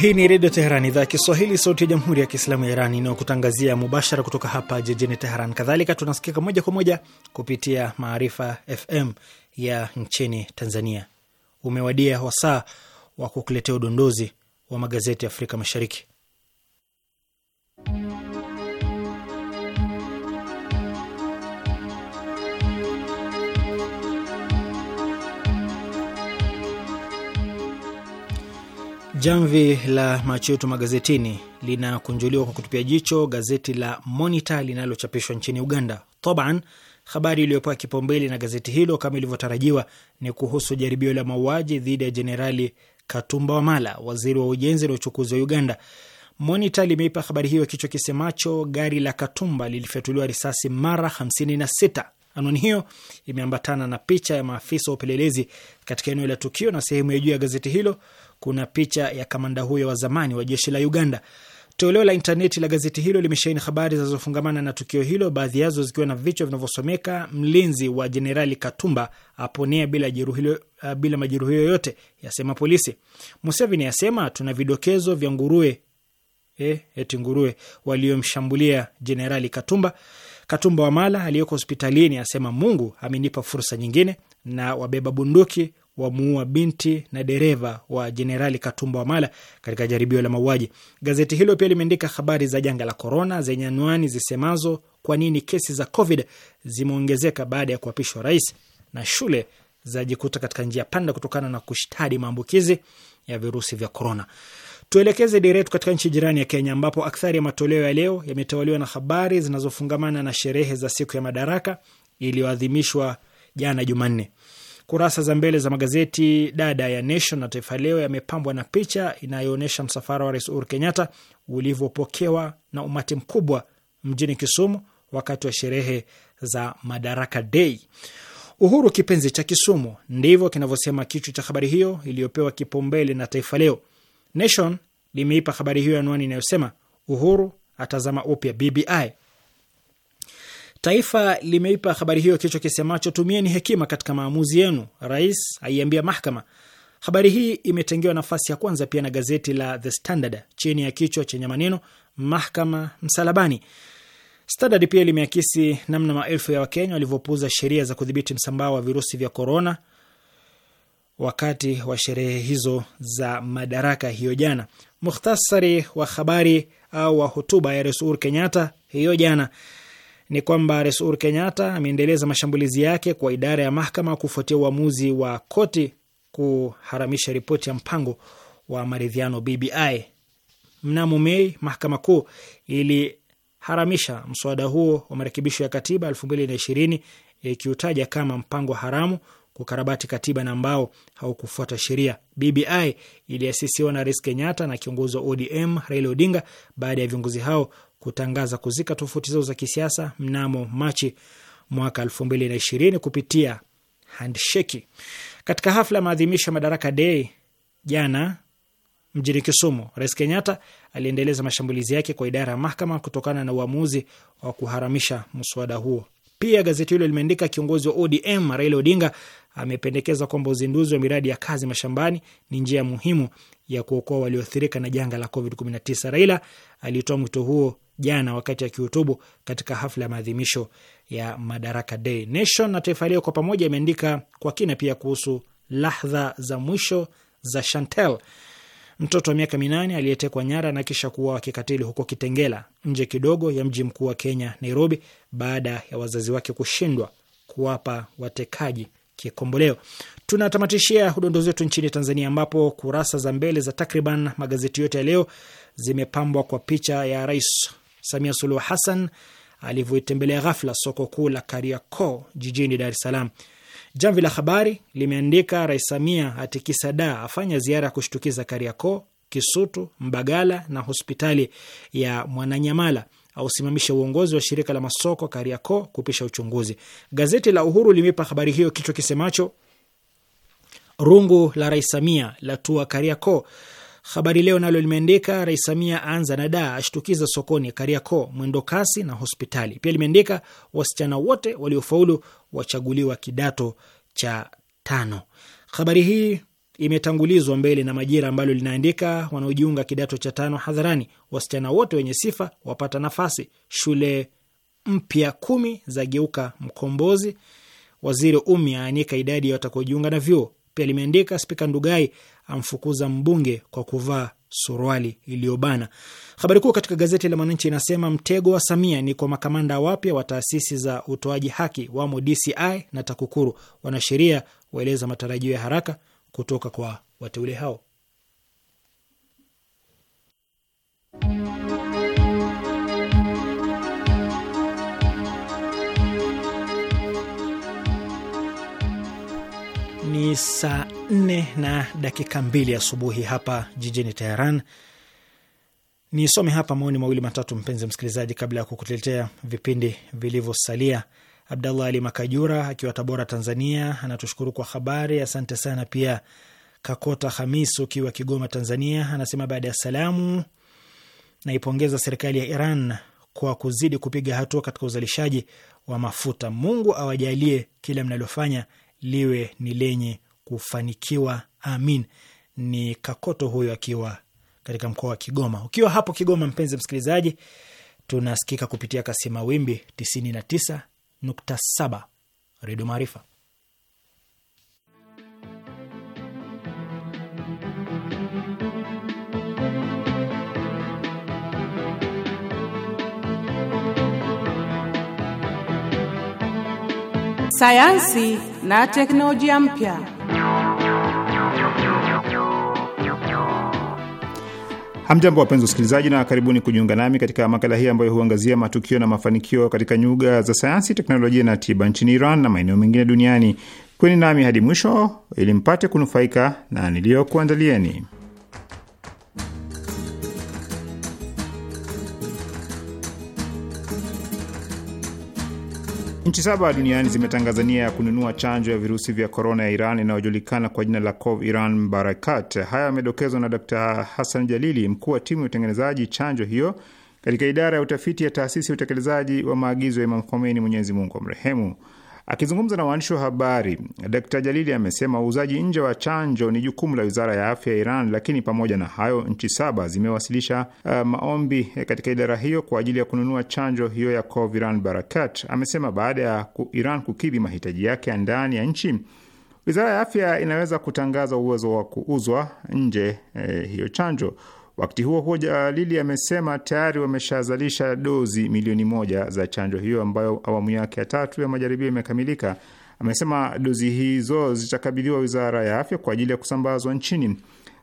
Hii ni Redio Teheran, idhaa ya Kiswahili, sauti ya Jamhuri ya Kiislamu ya Iran inayokutangazia mubashara kutoka hapa jijini Teheran. Kadhalika tunasikika moja kwa moja kupitia Maarifa FM ya nchini Tanzania umewadia wasaa wa kukuletea udondozi wa magazeti ya Afrika Mashariki. Jamvi la macho yetu magazetini linakunjuliwa kwa kutupia jicho gazeti la Monita linalochapishwa nchini Uganda. toban Habari iliyopewa kipaumbele na gazeti hilo kama ilivyotarajiwa ni kuhusu jaribio la mauaji dhidi ya Jenerali Katumba Wamala, waziri wa ujenzi na uchukuzi wa Uganda. Monita limeipa habari hiyo kichwa kisemacho gari la Katumba lilifyatuliwa risasi mara 56. Anwani hiyo imeambatana na picha ya maafisa wa upelelezi katika eneo la tukio, na sehemu ya juu ya gazeti hilo kuna picha ya kamanda huyo wa zamani wa jeshi la Uganda. Toleo la intaneti la gazeti hilo limesheheni habari zinazofungamana na tukio hilo, baadhi yazo zikiwa na vichwa vinavyosomeka mlinzi wa jenerali Katumba aponea bila jeruhi, eh, bila majeruhi yoyote yasema polisi, Museveni asema tuna vidokezo vya nguruwe eh, eti nguruwe waliomshambulia jenerali Katumba. Katumba wa mala aliyeko hospitalini asema Mungu amenipa fursa nyingine, na wabeba bunduki wamuua binti na dereva wa Jenerali Katumba Wamala katika jaribio la mauaji. Gazeti hilo pia limeandika habari za janga la korona zenye anwani zisemazo kwa nini kesi za Covid zimeongezeka baada ya kuapishwa rais, na shule zajikuta katika njia panda kutokana na kushtadi maambukizi ya virusi vya korona. Tuelekeze dira yetu katika nchi jirani ya Kenya, ambapo akthari ya matoleo ya leo yametawaliwa na habari zinazofungamana na sherehe za siku ya madaraka iliyoadhimishwa jana Jumanne. Kurasa za mbele za magazeti dada ya Nation na Taifa Leo yamepambwa na picha inayoonyesha msafara wa Rais Uhuru Kenyatta ulivyopokewa na umati mkubwa mjini Kisumu wakati wa sherehe za Madaraka Day. Uhuru kipenzi cha Kisumu, ndivyo kinavyosema kichwa cha habari hiyo iliyopewa kipaumbele na Taifa Leo. Nation limeipa habari hiyo anwani inayosema Uhuru atazama upya BBI. Taifa limeipa habari hiyo kichwa kisemacho tumieni hekima katika maamuzi yenu, rais aiambia mahakama. Habari hii imetengewa nafasi ya kwanza pia na gazeti la The Standard chini ya kichwa chenye maneno mahakama msalabani. Standard pia limeakisi namna maelfu ya Wakenya walivyopuuza sheria za kudhibiti msambao wa virusi vya korona wakati wa sherehe hizo za madaraka hiyo jana. Mukhtasari wa habari au wa hotuba ya Rais Uhuru Kenyatta hiyo jana ni kwamba Rais Uhuru Kenyatta ameendeleza mashambulizi yake kwa idara ya mahakama kufuatia uamuzi wa koti kuharamisha ripoti ya mpango wa maridhiano BBI. Mnamo Mei, mahakama kuu iliharamisha mswada huo wa marekebisho ya katiba 2020 ikiutaja kama mpango haramu kukarabati katiba na ambao haukufuata sheria. BBI iliasisiwa na Rais Kenyatta na kiongozi wa ODM Raila Odinga baada ya viongozi hao kutangaza kuzika tofauti zao za kisiasa mnamo Machi mwaka elfu mbili na ishirini kupitia handsheki. Katika hafla ya maadhimisho ya Madaraka Dei jana mjini Kisumu, Rais Kenyatta aliendeleza mashambulizi yake kwa idara ya mahakama kutokana na uamuzi wa kuharamisha mswada huo. Pia gazeti hilo limeandika kiongozi wa ODM Raila Odinga amependekeza kwamba uzinduzi wa miradi ya kazi mashambani ni njia muhimu ya kuokoa walioathirika na janga la COVID-19. Raila alitoa mwito huo jana wakati akihutubu katika hafla ya maadhimisho ya Madaraka Day. Nation na Taifa Leo kwa pamoja imeandika kwa kina pia kuhusu lahdha za mwisho za Chantel, mtoto wa miaka minane aliyetekwa nyara na kisha kuuawa kikatili huko Kitengela, nje kidogo ya mji mkuu wa Kenya, Nairobi, baada ya wazazi wake kushindwa kuwapa watekaji kikomboleo. Tunatamatishia udondozi wetu nchini Tanzania, ambapo kurasa za mbele za takriban magazeti yote ya leo zimepambwa kwa picha ya Rais Samia Suluhu Hassan alivyoitembelea ghafla soko kuu la Kariakoo jijini Dar es Salaam. Jamvi la Habari limeandika Rais Samia atikisa da afanya ziara ya kushtukiza Kariakoo, Kisutu, Mbagala na hospitali ya Mwananyamala ausimamishe uongozi wa shirika la masoko Kariakoo kupisha uchunguzi. Gazeti la Uhuru limeipa habari hiyo kichwa kisemacho rungu la Rais Samia la tua Kariakoo. Habari Leo nalo limeandika Rais Samia anza na daa ashtukiza sokoni Kariakoo, mwendo kasi na hospitali. Pia limeandika wasichana wote waliofaulu wachaguliwa kidato cha tano. Habari hii imetangulizwa mbele na Majira ambalo linaandika wanaojiunga kidato cha tano hadharani, wasichana wote wenye sifa wapata nafasi, shule mpya kumi za geuka mkombozi, waziri Umi aanika idadi ya watakaojiunga na vyuo. Pia limeandika Spika Ndugai amfukuza mbunge kwa kuvaa suruali iliyobana. Habari kuu katika gazeti la Mwananchi inasema mtego wa Samia ni kwa makamanda wapya wa taasisi za utoaji haki, wamo DCI na TAKUKURU. Wanasheria waeleza matarajio ya haraka kutoka kwa wateule hao. Ni saa nne na dakika mbili asubuhi hapa jijini Teheran. Nisome hapa maoni mawili matatu, mpenzi msikilizaji, kabla ya kukuletea vipindi vilivyosalia Abdallah Ali Makajura akiwa Tabora, Tanzania, anatushukuru kwa habari. Asante sana. Pia Kakota Hamis ukiwa Kigoma, Tanzania, anasema baada ya salamu, naipongeza serikali ya Iran kwa kuzidi kupiga hatua katika uzalishaji wa mafuta. Mungu awajalie kila mnalofanya liwe ni lenye kufanikiwa, amin. Ni Kakoto huyo akiwa katika mkoa wa Kigoma. Ukiwa hapo Kigoma, mpenzi msikilizaji, tunasikika kupitia kasi mawimbi 99 101.7 Redio Maarifa. Sayansi na teknolojia mpya. Hamjambo, wapenzi wasikilizaji, na karibuni kujiunga nami katika makala hii ambayo huangazia matukio na mafanikio katika nyuga za sayansi, teknolojia na tiba nchini Iran na maeneo mengine duniani. Kweni nami hadi mwisho ili mpate kunufaika na niliyokuandalieni. Nchi saba duniani zimetangaza nia ya kununua chanjo ya virusi vya korona ya Iran inayojulikana kwa jina la Cov Iran Mbarakat. Haya yamedokezwa na Dr Hassan Jalili, mkuu wa timu ya utengenezaji chanjo hiyo katika idara ya utafiti ya taasisi ya utekelezaji wa maagizo ya Imam Khomeini, Mwenyezi Mungu amrehemu. Akizungumza na waandishi wa habari, Dkt Jalili amesema uuzaji nje wa chanjo ni jukumu la wizara ya afya ya Iran, lakini pamoja na hayo, nchi saba zimewasilisha uh, maombi eh, katika idara hiyo kwa ajili ya kununua chanjo hiyo ya Coviran Barakat. Amesema baada ya Iran kukidhi mahitaji yake ya ndani ya nchi, wizara ya afya inaweza kutangaza uwezo wa kuuzwa nje eh, hiyo chanjo. Wakati huo huo, Jalili amesema tayari wameshazalisha dozi milioni moja za chanjo hiyo ambayo awamu yake ya tatu ya majaribio imekamilika. Amesema dozi hizo zitakabidhiwa Wizara ya Afya kwa ajili ya kusambazwa nchini.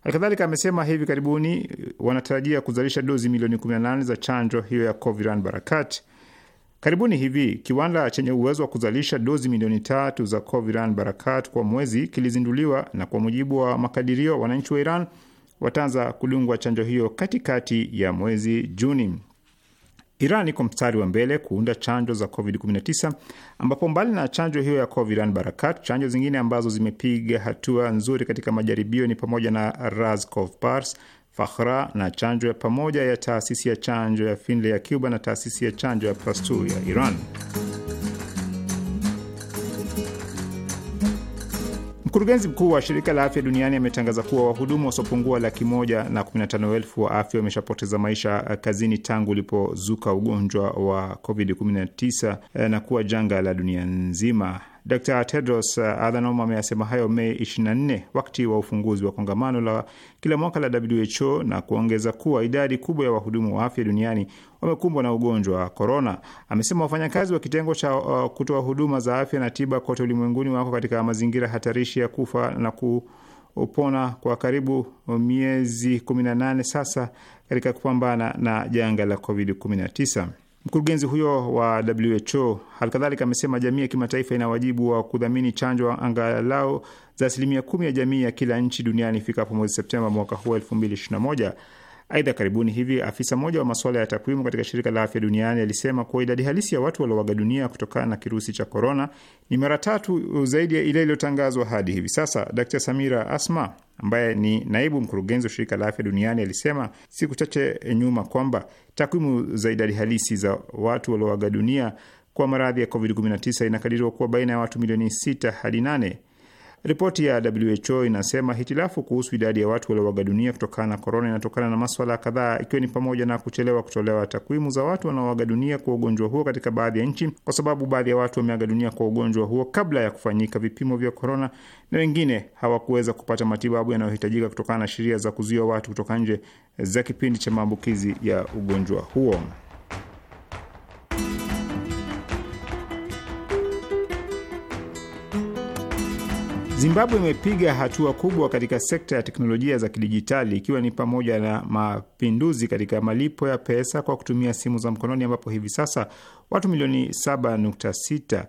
Halikadhalika amesema hivi karibuni wanatarajia kuzalisha dozi milioni 18 za chanjo hiyo ya Coviran Barakat. Karibuni hivi kiwanda chenye uwezo wa kuzalisha dozi milioni tatu za Coviran Barakat kwa mwezi kilizinduliwa, na kwa mujibu wa makadirio, wananchi wa Iran wataanza kudungwa chanjo hiyo katikati ya mwezi Juni. Iran iko mstari wa mbele kuunda chanjo za COVID-19 ambapo mbali na chanjo hiyo ya Coviran Barakat, chanjo zingine ambazo zimepiga hatua nzuri katika majaribio ni pamoja na Raskov Pars, Fakhra na chanjo ya pamoja ya taasisi ya chanjo ya Finlay ya Cuba na taasisi ya chanjo ya Pasteur ya Iran. Mkurugenzi mkuu wa shirika la afya duniani ametangaza kuwa wahudumu wasiopungua laki moja na 15 elfu wa afya wameshapoteza maisha eh, kazini tangu ulipozuka ugonjwa wa COVID-19 eh, na kuwa janga la dunia nzima. Dr Tedros uh, Adhanom ameyasema hayo Mei 24 wakati wa ufunguzi wa kongamano la kila mwaka la WHO na kuongeza kuwa idadi kubwa ya wahudumu wa afya duniani wamekumbwa na ugonjwa wa korona. Amesema wafanyakazi wa kitengo cha uh, kutoa huduma za afya na tiba kote ulimwenguni wako katika mazingira hatarishi ya kufa na kupona kwa karibu miezi 18 sasa katika kupambana na janga la COVID-19. Mkurugenzi huyo wa WHO halikadhalika amesema jamii ya kimataifa ina wajibu wa kudhamini chanjo angalau za asilimia kumi ya jamii ya kila nchi duniani ifikapo mwezi Septemba mwaka huu moja. Aidha, karibuni hivi afisa mmoja wa masuala ya takwimu katika shirika la afya duniani alisema kuwa idadi halisi ya watu walioaga dunia kutokana na kirusi cha korona ni mara tatu zaidi ya ile iliyotangazwa hadi hivi sasa. dr Samira Asma ambaye ni naibu mkurugenzi wa shirika la afya duniani alisema siku chache nyuma kwamba takwimu za idadi halisi za watu walioaga dunia kwa maradhi ya COVID-19 inakadiriwa kuwa baina ya watu milioni 6 hadi 8. Ripoti ya WHO inasema hitilafu kuhusu idadi ya watu walioaga dunia kutokana na korona inatokana na maswala kadhaa, ikiwa ni pamoja na kuchelewa kutolewa takwimu za watu wanaoaga dunia kwa ugonjwa huo katika baadhi ya nchi, kwa sababu baadhi ya watu wameaga dunia kwa ugonjwa huo kabla ya kufanyika vipimo vya korona, na wengine hawakuweza kupata matibabu yanayohitajika kutokana na sheria za kuzuia watu kutoka nje za kipindi cha maambukizi ya ugonjwa huo. Zimbabwe imepiga hatua kubwa katika sekta ya teknolojia za kidijitali ikiwa ni pamoja na mapinduzi katika malipo ya pesa kwa kutumia simu za mkononi ambapo hivi sasa watu milioni 7.6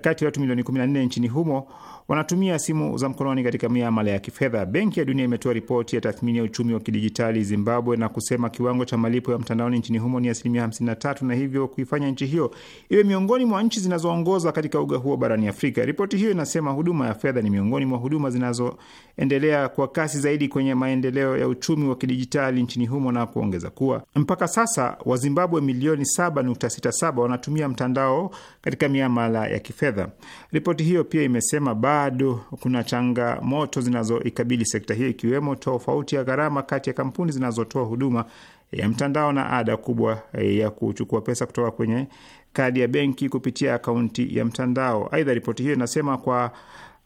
kati ya watu milioni 14 nchini humo wanatumia simu za mkononi katika miamala ya kifedha. Benki ya Dunia imetoa ripoti ya tathmini ya uchumi wa kidijitali Zimbabwe na kusema kiwango cha malipo ya mtandaoni nchini humo ni asilimia 53 na hivyo kuifanya nchi hiyo iwe miongoni mwa nchi zinazoongoza katika uga huo barani Afrika. Ripoti hiyo inasema huduma ya fedha ni miongoni mwa huduma zinazoendelea kwa kasi zaidi kwenye maendeleo ya uchumi wa kidijitali nchini humo na kuongeza kuwa mpaka sasa Wazimbabwe milioni 7.67 wanatumia mtandao katika miamala ya kifedha. Ripoti hiyo pia imesema ba bado kuna changamoto zinazoikabili sekta hiyo, ikiwemo tofauti ya gharama kati ya kampuni zinazotoa huduma ya mtandao na ada kubwa eh, ya kuchukua pesa kutoka kwenye kadi ya benki kupitia akaunti ya mtandao. Aidha, ripoti hiyo inasema kwa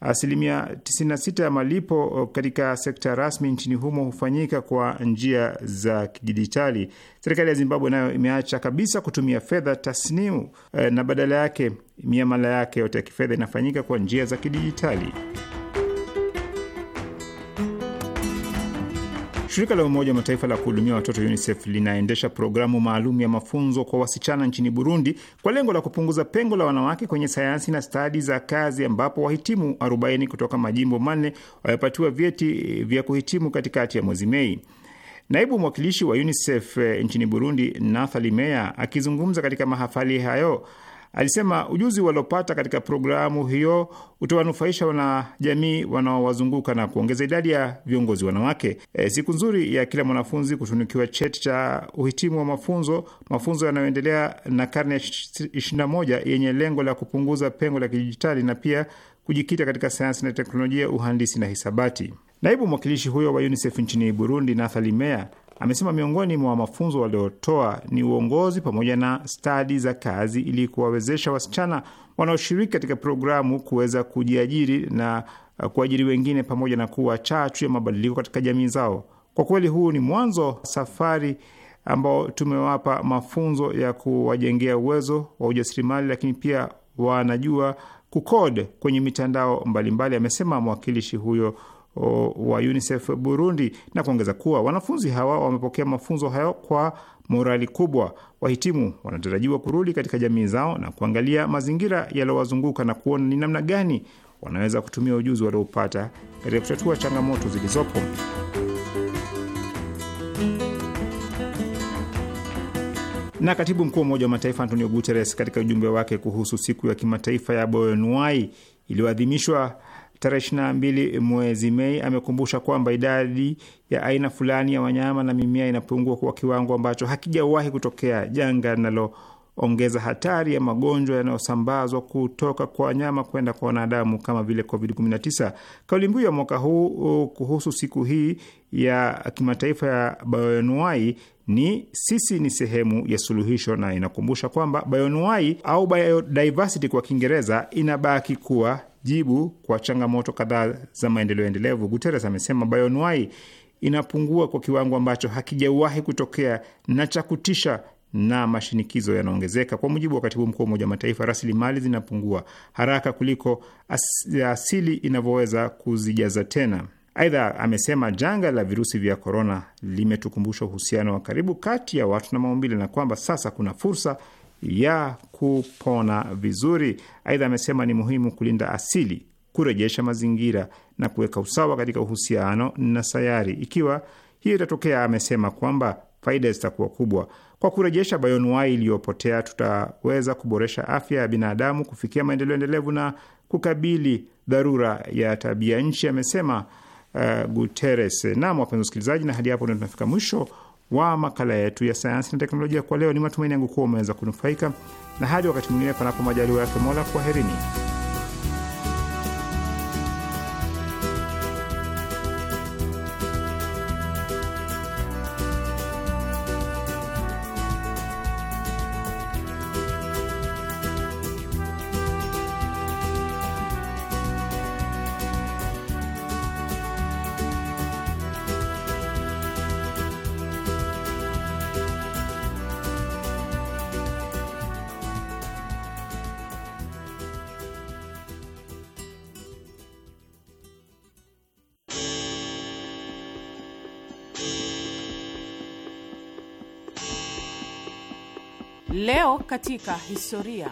asilimia 96 ya malipo uh, katika sekta rasmi nchini humo hufanyika kwa njia za kidijitali. Serikali ya Zimbabwe nayo imeacha kabisa kutumia fedha tasnimu uh, na badala yake miamala yake yote ya kifedha inafanyika kwa njia za kidijitali. Shirika la Umoja wa Mataifa la kuhudumia watoto UNICEF linaendesha programu maalum ya mafunzo kwa wasichana nchini Burundi kwa lengo la kupunguza pengo la wanawake kwenye sayansi na stadi za kazi, ambapo wahitimu 40 kutoka majimbo manne wamepatiwa vyeti vya kuhitimu katikati ya mwezi Mei. Naibu mwakilishi wa UNICEF eh, nchini Burundi, Nathalie Meyer, akizungumza katika mahafali hayo Alisema ujuzi waliopata katika programu hiyo utawanufaisha wanajamii wanaowazunguka na kuongeza idadi ya viongozi wanawake. E, siku nzuri ya kila mwanafunzi kutunukiwa cheti cha uhitimu wa mafunzo, mafunzo yanayoendelea na karne ya 21 yenye lengo la kupunguza pengo la kidijitali na pia kujikita katika sayansi na teknolojia, uhandisi na hisabati. Naibu mwakilishi huyo wa UNICEF nchini Burundi, Nathalie Meyer Amesema miongoni mwa mafunzo waliotoa ni uongozi pamoja na stadi za kazi ili kuwawezesha wasichana wanaoshiriki katika programu kuweza kujiajiri na kuajiri wengine pamoja na kuwa chachu ya mabadiliko katika jamii zao. Kwa kweli huu ni mwanzo safari ambao tumewapa mafunzo ya kuwajengea uwezo wa ujasiriamali, lakini pia wanajua kukod kwenye mitandao mbalimbali, amesema mwakilishi huyo wa UNICEF Burundi na kuongeza kuwa wanafunzi hawa wamepokea mafunzo hayo kwa morali kubwa. Wahitimu wanatarajiwa kurudi katika jamii zao na kuangalia mazingira yaliyowazunguka na kuona ni namna gani wanaweza kutumia ujuzi waliopata katika kutatua changamoto zilizopo. Na katibu mkuu wa Umoja wa Mataifa Antonio Guterres katika ujumbe wake kuhusu siku ya kimataifa ya Bioanuwai iliyoadhimishwa tarehe 22 mwezi Mei amekumbusha kwamba idadi ya aina fulani ya wanyama na mimea inapungua kwa kiwango ambacho hakijawahi kutokea, janga linalo ongeza hatari ya magonjwa yanayosambazwa kutoka kwa wanyama kwenda kwa wanadamu kama vile COVID-19. Kauli mbiu ya mwaka huu kuhusu siku hii ya kimataifa ya bayonuai ni sisi ni sehemu ya suluhisho, na inakumbusha kwamba bayonuai au biodiversity kwa Kiingereza inabaki kuwa jibu kwa changamoto kadhaa za maendeleo endelevu. Guterres amesema bayonuai inapungua kwa kiwango ambacho hakijawahi kutokea na cha kutisha na mashinikizo yanaongezeka. Kwa mujibu wa katibu mkuu wa Umoja wa Mataifa, rasilimali zinapungua haraka kuliko asili inavyoweza kuzijaza tena. Aidha, amesema janga la virusi vya korona limetukumbusha uhusiano wa karibu kati ya watu na maumbile na kwamba sasa kuna fursa ya kupona vizuri. Aidha, amesema ni muhimu kulinda asili, kurejesha mazingira na kuweka usawa katika uhusiano na sayari. Ikiwa hiyo itatokea, amesema kwamba faida zitakuwa kubwa. Kwa kurejesha bioanuwai iliyopotea, tutaweza kuboresha afya ya binadamu, kufikia maendeleo endelevu na kukabili dharura ya tabia nchi, amesema uh, Guterres. Naam, wapenzi wasikilizaji, na hadi hapo ndio tunafika mwisho wa makala yetu ya sayansi na teknolojia kwa leo. Ni matumaini yangu kuwa umeweza kunufaika, na hadi wakati mwingine, panapo majaliwa yake Mola, kwaherini. Leo katika historia.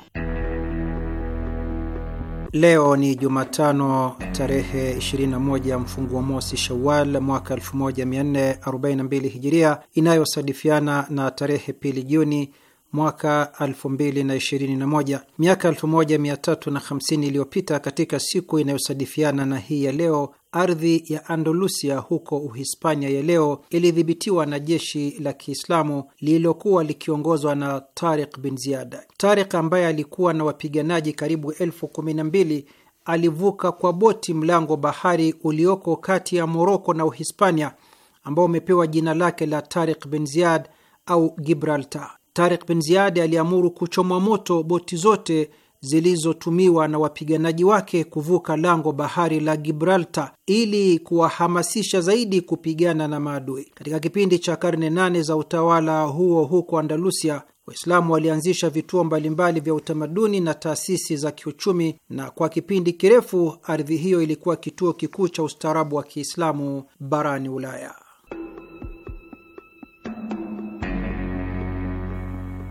Leo ni Jumatano tarehe 21 mfunguo mosi Shawal mwaka 1442 Hijiria, inayosadifiana na tarehe pili Juni mwaka 2021, miaka 1350 iliyopita, katika siku inayosadifiana na hii ya leo, ardhi ya Andalusia huko Uhispania ya leo ilidhibitiwa na jeshi la Kiislamu lililokuwa likiongozwa na Tariq bin Ziyad. Tariq ambaye alikuwa na wapiganaji karibu elfu kumi na mbili alivuka kwa boti mlango bahari ulioko kati ya Moroko na Uhispania ambao umepewa jina lake la Tariq bin Ziyad au Gibraltar. Tarik bin Ziyadi aliamuru kuchomwa moto boti zote zilizotumiwa na wapiganaji wake kuvuka lango bahari la Gibraltar ili kuwahamasisha zaidi kupigana na maadui. Katika kipindi cha karne nane za utawala huo huko Andalusia, Waislamu walianzisha vituo mbalimbali vya utamaduni na taasisi za kiuchumi, na kwa kipindi kirefu ardhi hiyo ilikuwa kituo kikuu cha ustaarabu wa Kiislamu barani Ulaya.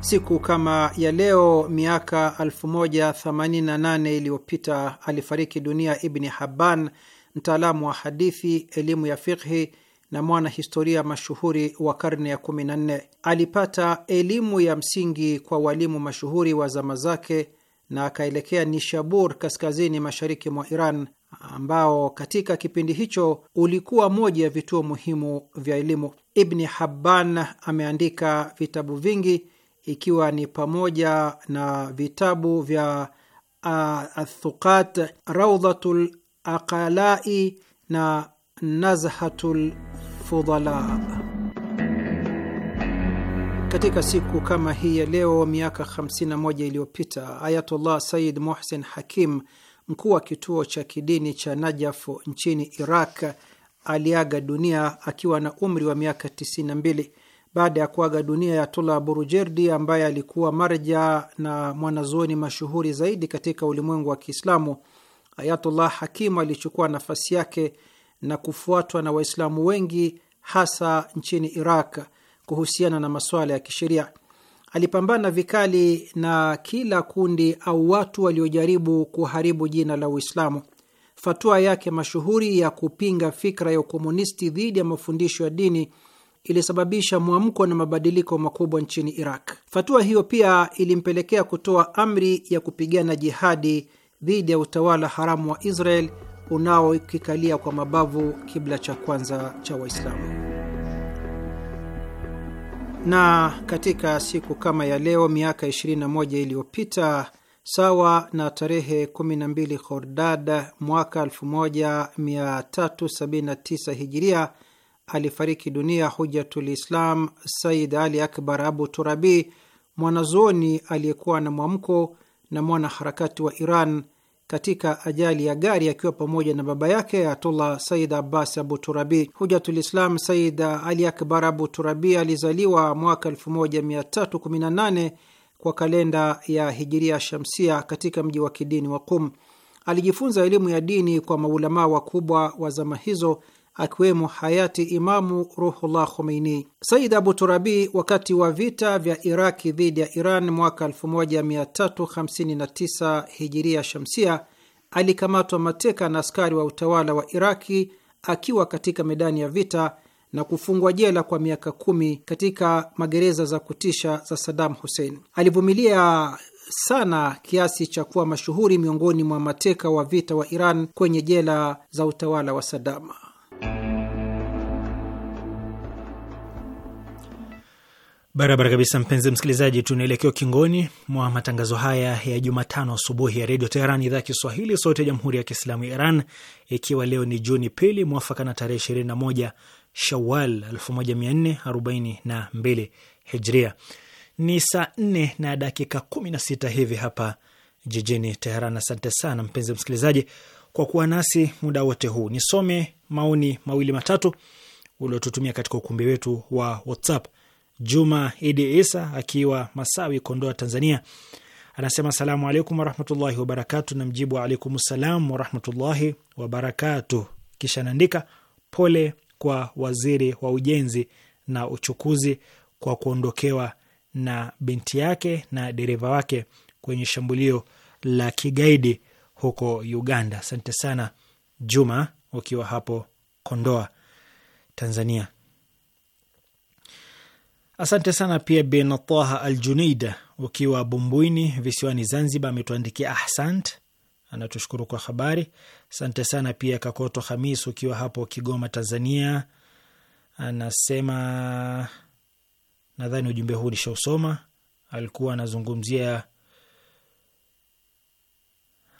Siku kama ya leo miaka 1088 iliyopita alifariki dunia Ibni Habban, mtaalamu wa hadithi, elimu ya fikhi na mwana historia mashuhuri wa karne ya 14. Alipata elimu ya msingi kwa walimu mashuhuri wa zama zake na akaelekea Nishabur, kaskazini mashariki mwa Iran, ambao katika kipindi hicho ulikuwa moja ya vituo muhimu vya elimu. Ibni Habban ameandika vitabu vingi ikiwa ni pamoja na vitabu vya Athuqat, Raudhatul Aqalai na Nazhatul Fudala. Katika siku kama hii ya leo miaka 51 iliyopita Ayatullah Sayyid Muhsin Hakim, mkuu wa kituo cha kidini cha Najaf nchini Iraq, aliaga dunia akiwa na umri wa miaka 92 baada ya kuaga dunia ya Tula Burujerdi ambaye alikuwa marja na mwanazuoni mashuhuri zaidi katika ulimwengu wa Kiislamu, Ayatullah Hakim alichukua nafasi yake na kufuatwa na Waislamu wengi hasa nchini Iraq kuhusiana na masuala ya kisheria. Alipambana vikali na kila kundi au watu waliojaribu kuharibu jina la Uislamu. Fatua yake mashuhuri ya kupinga fikra ya ukomunisti dhidi ya mafundisho ya dini ilisababisha mwamko na mabadiliko makubwa nchini Iraq. fatua hiyo pia ilimpelekea kutoa amri ya kupigana jihadi dhidi ya utawala haramu wa Israel unaokikalia kwa mabavu kibla cha kwanza cha Waislamu. Na katika siku kama ya leo miaka 21 iliyopita sawa na tarehe 12 Khordad mwaka 1379 Hijiria, alifariki dunia Hujatul Islam Said Ali Akbar Abu Turabi, mwanazuoni aliyekuwa na mwamko na mwanaharakati wa Iran katika ajali ya gari akiwa pamoja na baba yake Ayatullah Said Abbas Abu Turabi. Hujatulislam Said Ali Akbar Abu Turabi alizaliwa mwaka 1318 kwa kalenda ya Hijiria Shamsia katika mji wa kidini wa Qum. Alijifunza elimu ya dini kwa maulamaa wakubwa wa zama hizo akiwemo hayati Imamu Ruhullah Khomeini. Said Abu Turabi, wakati wa vita vya Iraki dhidi ya Iran mwaka 1359 hijiria shamsia, alikamatwa mateka na askari wa utawala wa Iraki akiwa katika medani ya vita na kufungwa jela kwa miaka kumi katika magereza za kutisha za Saddam Hussein. Alivumilia sana kiasi cha kuwa mashuhuri miongoni mwa mateka wa vita wa Iran kwenye jela za utawala wa Saddam. Barabara kabisa, mpenzi msikilizaji, tunaelekea ukingoni mwa matangazo haya ya Jumatano asubuhi ya redio Teheran, idhaa ya Kiswahili, sauti ya jamhuri ya kiislamu ya Iran, ikiwa leo ni Juni pili mwafaka na tarehe moja Shawal mbili Hijria. Ni saa nne na dakika sita hivi hapa jijini Teheran. Asante sana mpenzi msikilizaji kwa kuwa nasi muda wote huu. Nisome maoni mawili matatu uliotutumia katika ukumbi wetu wa WhatsApp. Juma Idi Isa akiwa Masawi, Kondoa, Tanzania, anasema salamu alaikum warahmatullahi wabarakatu, na mjibu alaikum salam warahmatullahi wabarakatu. Kisha naandika pole kwa waziri wa ujenzi na uchukuzi kwa kuondokewa na binti yake na dereva wake kwenye shambulio la kigaidi huko Uganda. Asante sana Juma ukiwa hapo Kondoa, Tanzania. Asante sana pia Bin Taha Al Juneida ukiwa Bumbwini visiwani Zanzibar ametuandikia ahsant, anatushukuru kwa habari. Asante sana pia Kakoto Hamis ukiwa hapo Kigoma, Tanzania, anasema nadhani ujumbe huu nishausoma. Alikuwa anazungumzia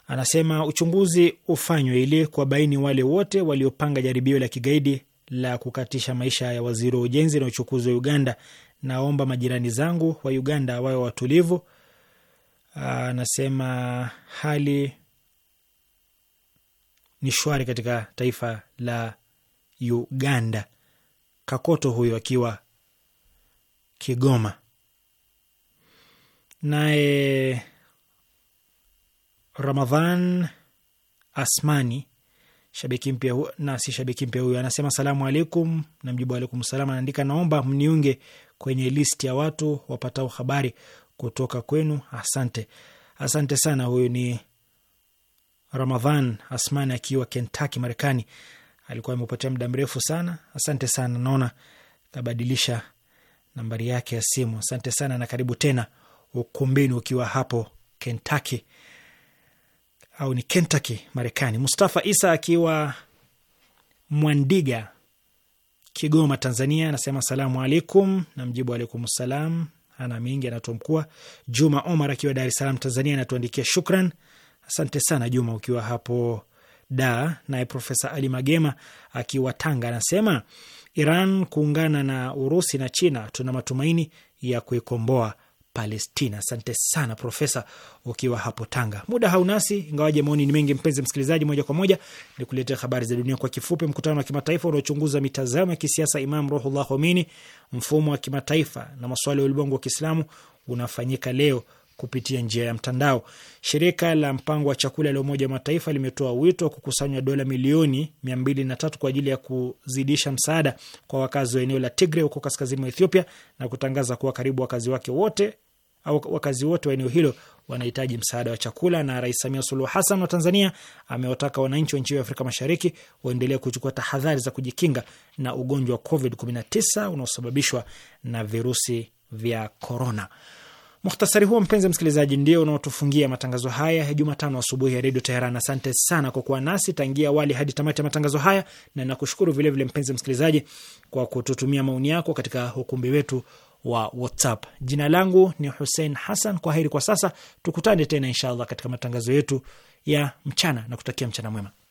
Anasema uchunguzi ufanywe ili kuwabaini wale wote waliopanga jaribio la kigaidi la kukatisha maisha ya waziri wa ujenzi na uchukuzi wa Uganda. Naomba majirani zangu wa Uganda wawe watulivu. Anasema hali ni shwari katika taifa la Uganda. Kakoto huyo akiwa Kigoma. Naye Ramadhan Asmani shabiki mpya na si shabiki mpya huyo, anasema salamu alaikum, na mjibu alaikum salam. Anaandika, naomba mniunge kwenye list ya watu wapatao habari kutoka kwenu. Asante, asante sana. Huyu ni Ramadhan Asmani akiwa Kentucky, Marekani. Alikuwa amepotea muda mrefu sana. Asante sana, naona kabadilisha nambari yake ya simu. Asante sana na karibu tena ukumbini ukiwa hapo Kentucky au ni Kentucky, Marekani. Mustafa Isa akiwa Mwandiga, Kigoma, Tanzania, anasema salamu alaikum, na mjibu alaikum salam. Ana mingi anatomkua. Juma Omar akiwa Dar es Salaam, Tanzania, anatuandikia shukran. Asante sana Juma ukiwa hapo da. Naye Profesa Ali Magema akiwa Tanga anasema Iran kuungana na Urusi na China, tuna matumaini ya kuikomboa Palestina. Asante sana Profesa, ukiwa hapo Tanga. Muda haunasi, ingawaje maoni ni mengi. Mpenzi msikilizaji, moja kwa moja ni kuletea habari za dunia kwa kifupi. Mkutano wa kimataifa unaochunguza mitazamo ya kisiasa Imam Ruhullah Khomeini, mfumo wa kimataifa na masuala ya ulimwengu wa Kiislamu unafanyika leo kupitia njia ya mtandao. Shirika la mpango wa chakula la Umoja wa Mataifa limetoa wito wa kukusanywa dola milioni mia mbili na tatu kwa ajili ya kuzidisha msaada kwa wakazi wa eneo la Tigre huko kaskazini mwa Ethiopia na kutangaza kuwa karibu wakazi wake wote au wakazi wote wa eneo hilo wanahitaji msaada wa chakula. Na Rais Samia Suluhu Hassan wa Tanzania amewataka wananchi wa nchi hiyo ya Afrika Mashariki waendelee kuchukua tahadhari za kujikinga na ugonjwa wa COVID-19 unaosababishwa na virusi vya korona. Muhtasari huo mpenzi msikilizaji, ndio unaotufungia matangazo haya ya Jumatano asubuhi ya redio Teheran. Asante sana kwa kuwa nasi tangia awali hadi tamati ya matangazo haya, na nakushukuru vilevile mpenzi msikilizaji kwa kututumia maoni yako katika ukumbi wetu wa WhatsApp. Jina langu ni Hussein Hassan, kwa heri kwa sasa, tukutane tena inshallah katika matangazo yetu ya mchana na kutakia mchana mwema.